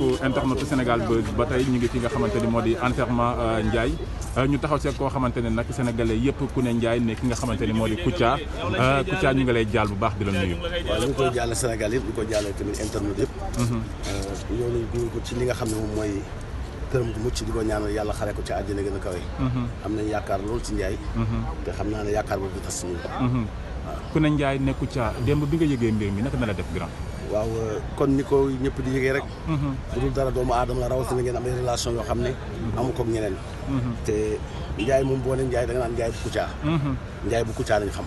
internet Sénégal ba ba tey ñu ngi fi nga xamante ni moo di enterrement euh, Ndiaye euh, ñu taxaw see koo xamante ne nag sénégalais yëpp ku ne Ndiaye ne ki nga xamante ni moo di Kouthia euh, Kouthia ñu ngi lay jaal bu baax di la nuyu. waaw ñu ngi koy jaal Sénégal yëpp ñu koy jaal tamit internet yëpp. Mhm. ñoo ngi gunge ko ci li nga xam ne moom mooy këram gu mucc di ko ñaanal yàlla xare ko ci àddina gën a kawe. Mhm. am nañ yaakaar lool ci Ndiaye. Mhm. te xam naa ne yaakaar boobu du tas ñun. waaw ku ne Ndiaye ne Kouthia démb bi nga yëgee mbir mi naka na la def grand waaw euh, kon ni ko ñëpp di yëgee rek. Mhm. bu dara doomu aadama rawatina ngeen am relation yoo xam ne. Mhm. amu ko ñeneen. Mhm. te njaay moom boo ne njaay da nga naan njaay bu Kouthia. njaay bu Kouthia lañ xam.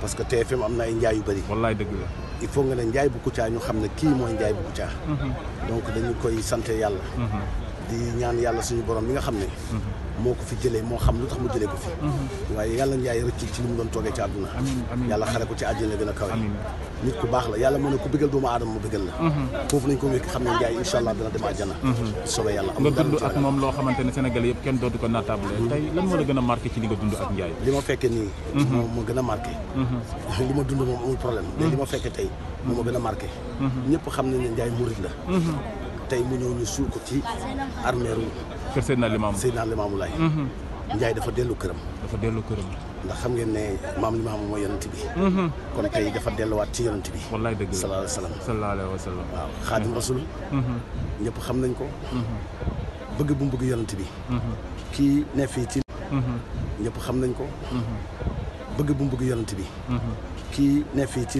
parce que TFM am na ay njaay yu bëri. wallaay dëgg la. il faut nga ne njaay bu Kouthia ñu xam ne kii mooy njaay bu Kouthia. donc dañu koy sant yàlla. di ñaan yàlla suñu borom bi nga xam ne. moo ko fi jëlee moo xam lu tax mu jëlee ko fi mhm. waaye yàlla njaay rëccil ci li mu doon toogee ci àdduna yàlla xare ko ci àjjana gën a kawe nit ku baax la yàlla moo ne ku bëggal doomu aadama mu bëggal la mhm. foofu ne njaay ko naatable a a a xam ne njaay mhm. murit la tey mu ñëw ñu suul ko ci armeeru kër Seydina Limaamu Seydina Limaamu Laay mhm. Njaay dafa dellu këram dafa dellu këram ndax xam ngeen ne maam Limaamu mooy yonent bi mhm. kon tey dafa delluwaat ci yonent bi wallaay dëgg sallallahu alayhi wa sallam sallallahu alayhi wa sallam waaw xaadim rasul mhm. ñëpp xam nañ ko bëgg bu mu bëgg yonent bi kii ne fii ci ñëpp xam nañ ko bëgg bu mu bëgg yonent bi kii ne fii ci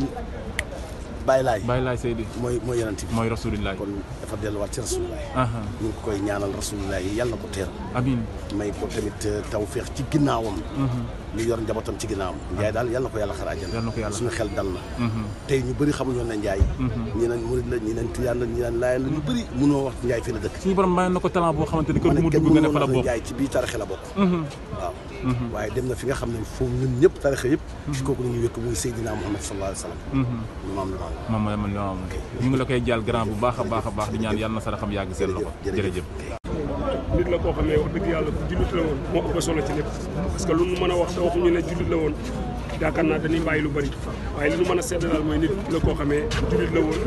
Baye Laay Baye Seydi mooy mooy mooy rasulilaay kon dafa delluwaat ci rasulilaay ñu ngi koy ñaanal rasulilaay yàlla na ko teeral amiin may ko tamit euh, tawféex ci ginnaawam li yor njabootam ci ginnaawam Ndiaye daal yal na ko yàlla xar àjjana suñu xel dal na mm-hmm. tey ñu bëri xamuñoon na Ndiaye mm-hmm. ñi naan murid la ñi naan tiyaan la ñi naan laayeen la ñu bëri mënoo wax Ndiaye na ko talent boo xamante la bokk ci biir tarixe la bokk waaw mm-hmm. waaye dem na fi nga xam ne foofu ñun ñëpp tarixe yëpp kooku la ñuy wékk muy Seydina Muhammad sallallahu alayhi wasallam lu maam lu maam maam ñu ngi la koy jàll grand bu baax a baax a baax di ñaan yàlla na sara xam yàgg seen loxo jërëjëf nit la koo xam ne wax dëgg yàlla jullit la woon moo ëpp solo ci lépp parce que lu nu a wax te waxuñu ne jullit la woon yaakaar naa dañuy bàyyi lu bëri waaye a sedd daal mooy nit la koo xamee jullit la woon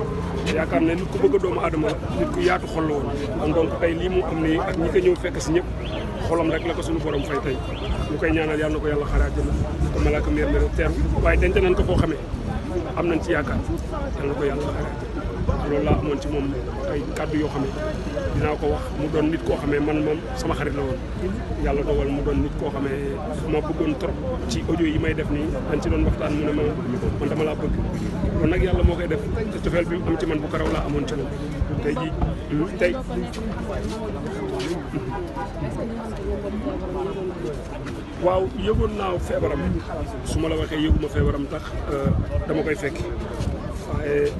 yaakaar ku bëgg a doomu aadama nit ku yaatu xol la woon kon donc lii mu am ni ak ñi ko ñëw fekk si ñëpp xolam rek la ko suñu borom fay tey ñu koy ñaanal yàlla na ko yàlla xaare àjjana te malaaka meer teer waaye denc nañ ko koo xamee am nañ ci yaakaar yàlla na ko yàlla xaare loolu laa amoon ci moom ay kàddu yoo xam ne dinaa ko wax mu doon nit koo xamee man moom sama xarit la woon yàlla dogal mu doon nit koo xamee ma bëggoon trop ci audio yi may def nii dañ ci doon waxtaan mu ne man dama laa bëgg loolu nag yàlla moo koy def te cofeel bi mu am ci man bu ko raw laa amoon ci moom tey ji tey waaw yëgoon naa feebaram su ma la waxee yëguma feebaram tax euh, dama koy fekki waaye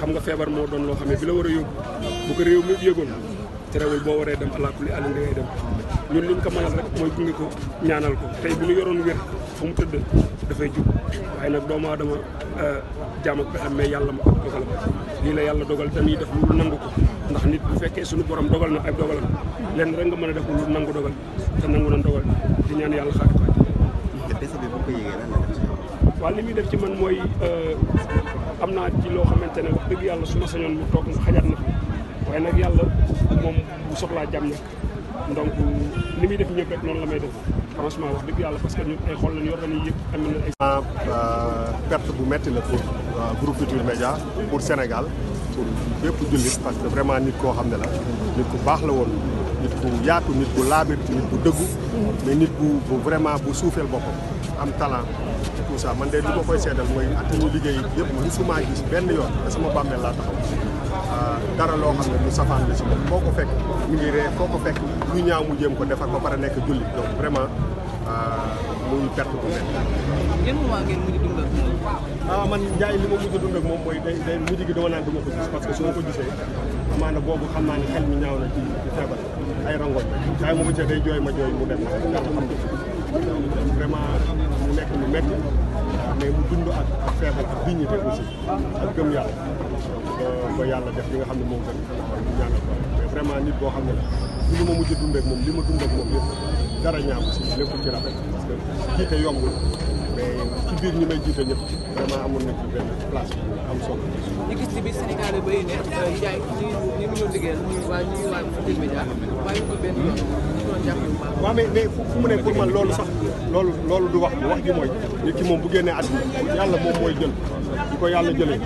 xam nga feebar moo doon loo xam ne bi la war a yóbbu bu ko réew mi yëgoon terewul boo waree dem alaakuli àll ngay dem ñun liñ ko mënal rek mooy gunge ko ñaanal ko tey bu ñu yoroon wér mu tëdd dafay jub waaye nag doomu aadama euh, jaam ak pexem mais yàlla ma ko dogal lii la yàlla dogal dañuy def lu nangu ko ndax nit bu fekkee suñu borom dogal na ak dogalam lenn rek nga mën a def lu nangu dogal te nangu na dogal di ñaan yàlla xaar ko waaw muy def ci man mooy euh, am naa ci loo xamante ne wax dëgg yàlla su ma sañoon mu toog na xajaat na fi waaye nag yàlla moom bu soxlaa jàmm nag donc li muy def ñëpp rek noonu la may def franchement wax yàlla parce que ñun ay xol lañ yor dañuy yëg am na ay. Euh, perte bu metti la pour euh, groupe Futurs Médias pour Sénégal pour bépp jullit parce que vraiment nit koo xam ne la nit ku baax la woon nit ku yaatu nit ku laabir nit ku dëggu mhm. mais nit bu vraiment bu suufeel boppam am talent. ci sax ça man de li ma koy seedal mooy at ñu liggéey yëpp musumaa gis benn yoon te sama bàmmeel laa taxaw euh, dara loo xam ne lu safaan la ci moom ko fekk mu ngi ree foo ñaaw mu jéem ko defar ba pare nekk julli donc vraiment euh, muy perte bu mel. yan moment ngeen ah, li ma mujj dund ak mooy day day mujj gi dama naan ko gis parce que su ma ko gisee amaana boobu xam naa ne xel mi ñaaw na ci ci ay rangoñ waaye mu mu dem ndax xam donc vraiment mu nekk lu métti mais mu dund ak ak feebar ak dignité aussi ak gëm yàlla ba yàlla def li nga xam ne moom gën ñu ñaanal ko vraiment nit boo xam ne li ñu ma mujj dundeek moom li ma dundeek moom yëpp dara ñaaw si lépp ci rafet parce que jiite yombul mais ci biir ñi may jiite ñëpp vraiment amoon nañ ci benn place bu am solo. ñu waaw mais mais fu mu ne pour man loolu sax loolu loolu du wax wax ji mooy nit ki moom bu génnee àdduna yàlla moom mooy jël di ko yàlla jëlee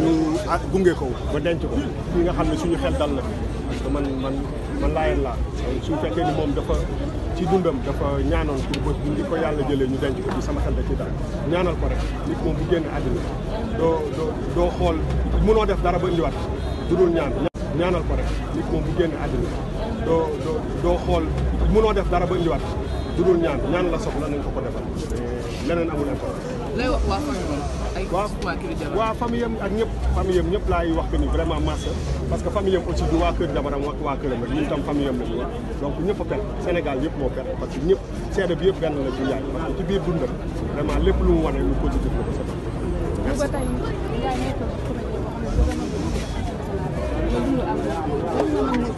ñu ah, gunge ko ba denc ko fii nga xam ne suñu xel dal na parce que man man man laayeen laa su fekkee ni moom dafa ci dundam dafa ñaanoon pour bés ko yàlla jëlee ñu denc ko ci sama xel da ñaanal ko rek nit moom bu génnee àdduna doo xool mënoo def dara ba indiwaat du ñaan ñaanal ko rek nit moom bu génnee àdduna doo doo doo xool mënoo def dara ba indiwaat du dul ñaan ñaan la soxla nañ ko ko defal eh, leneen amul importance. lay wax ak ñëpp famille am ñëpp laay wax que ni vraiment masse parce que famille am aussi du waa kër jabaram ak waa këram rek ñun tam famille am la ñëpp a perte Sénégal yëpp moo perte parce que ñëpp seede bi yëpp benn la ci yaay parce que ci biir dundam vraiment lépp lu mu wane ñu positif la ko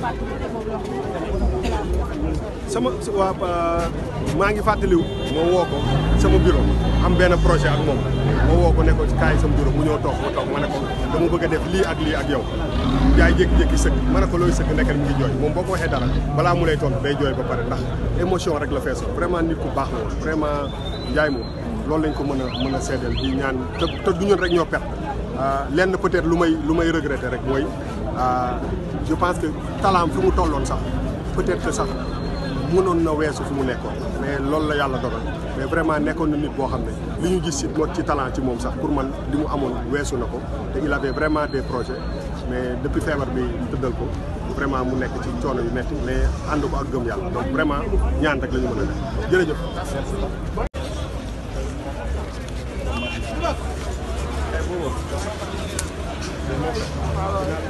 sa sama waa euh, maa ngi fàttaliw ma woo ko sama bureau am benn projet ak moom moo woo ko ne ko kaay sama bureau mu ñëw toog ma toog ma ne ko dama bëgg a def lii ak lii ak yow yaay jékki-jékki sëkk ma ne ko loolu sëkk nekkal mi ngi moom boo ko waxee dara balaa mu lay tontu day jooy ba pare ndax émotion rek la feesoon vraiment nit ku baax la vraiment njaay moom loolu lañ ko mën a mën a seedeel di ñaan te te du ñun rek ñoo perte euh, lenn peut lu may lu may regretter rek mooy euh, je pense que talent fi mu tolloon sax peut-être que sax mënoon na weesu fu mu nekkoon mais loolu la yàlla dogal mais vraiment nekkoon na nit boo xam ne li ñu gis ci mot ci talent ci moom sax pour man li mu amoon weesu na ko te il avait vraiment des projets mais depuis feebar bi tëddal ko vraiment mu nekk ci coono yu metti mais ànd ko ak gëm yàlla donc vraiment ñaan rek la ñu mën a def jërëjëf. Thank you.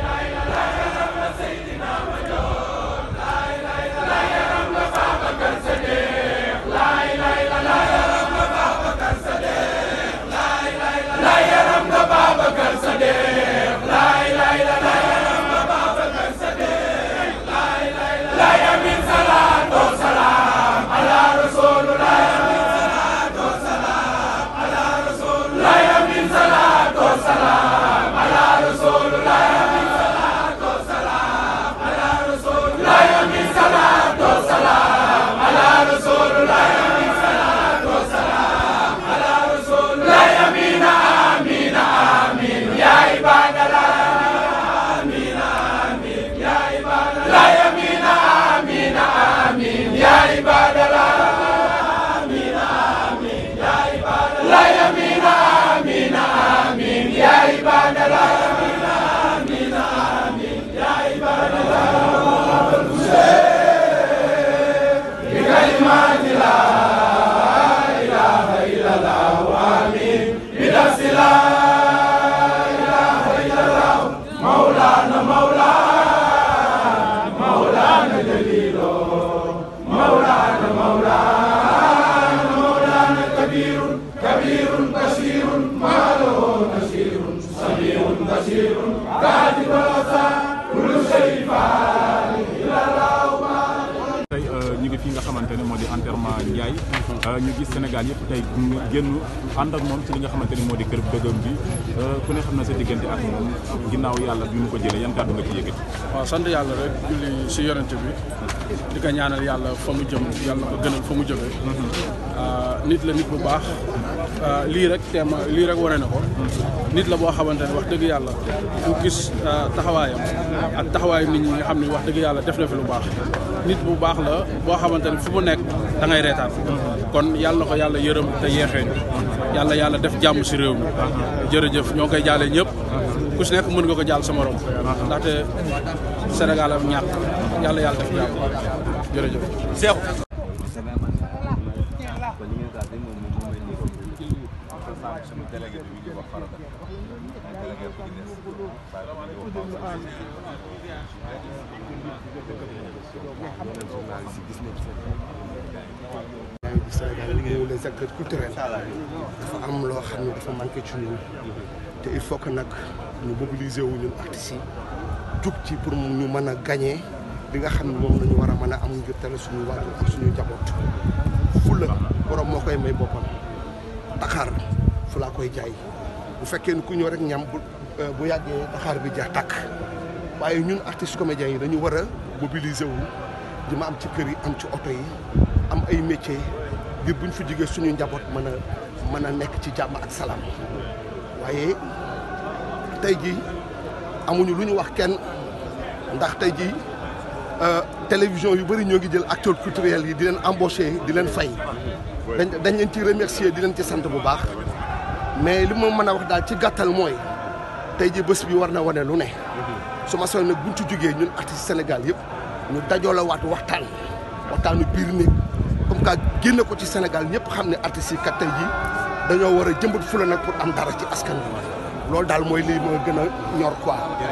Sénégal yëpp tey génn ànd ak moom ci li nga xamante ni moo di kër dëggam bi euh, ku xam na sa diggante ak moom ginnaaw yàlla bi mu ko jëlee yan kàddu nga ci yàlla rek julli si yorante bi di ko ñaanal yàlla fa mu jëm yàlla ko gënal fa mu jógee. Mm-hmm. Euh, nit la nit bu baax euh, lii rek teema lii rek wane na ko nit la boo xamante ne wax dëgg yàlla ku gis taxawaayam ak taxawaayu nit ñi nga xam wax dëgg yàlla def na fi lu baax nit bu baax la boo xamante fu mu nekk da reetaan mm-hmm. kon yàlla ko yàlla yërëm yërëm te yeexee ñu yàlla yàlla def jàmm si réew mi jërëjëf ñoo ngi koy jaalee ñëpp ku si nekk mën nga ko jaal sa morom ndaxte Sénégal am ñàkk yàlla yàlla def jàmm jërëjëf Seexu délégué bi ñu wax farata délégué bu gis du Sénégal nous les acteurs culturels dafa am loo xam ne dafa manqué ci ñun te il faut que nag ñu mobiliser wu ñun artistes ci pour ñu mën a gagné li nga xam moom la ñu war a mën a am ngir teel suñu waajur njaboot fulla borom moo koy may boppam Dakar koy jaay bu fekkee ni ku ñëw rek ñam bu euh, bu yàggee Dakar bi ja tàkk waaye ñun artistes comédiens yi dañu war a mobiliser wu di ma am ci kër yi am ci oto yi am ay métiers bu buñ fi jógee suñu njaboot mën a mën a nekk ci jàmm ak salaam waaye tey jii amuñu lu ñu wax kenn ndax tey jii euh, télévision yu bari ñoo ngi jël acteurs culturels yi di leen embaucher di leen fay dañ dañ leen ci remercier di leen ci sant bu baax mais li ma mën a wax daal ci gàttal mooy tey ji bés bi war na wane lu ne su ma soxla nag buñ ci jógee ñun artistes Sénégal yëpp ñu dajoo la waat waxtaan waxtaanu biir néeg comme ça génne ko ci Sénégal ñëpp xam ne artistes yi kat tey jii dañoo war a jëmbat fula nag pour am dara ci askan wi loolu daal mooy lii ma gën a ñor quoi.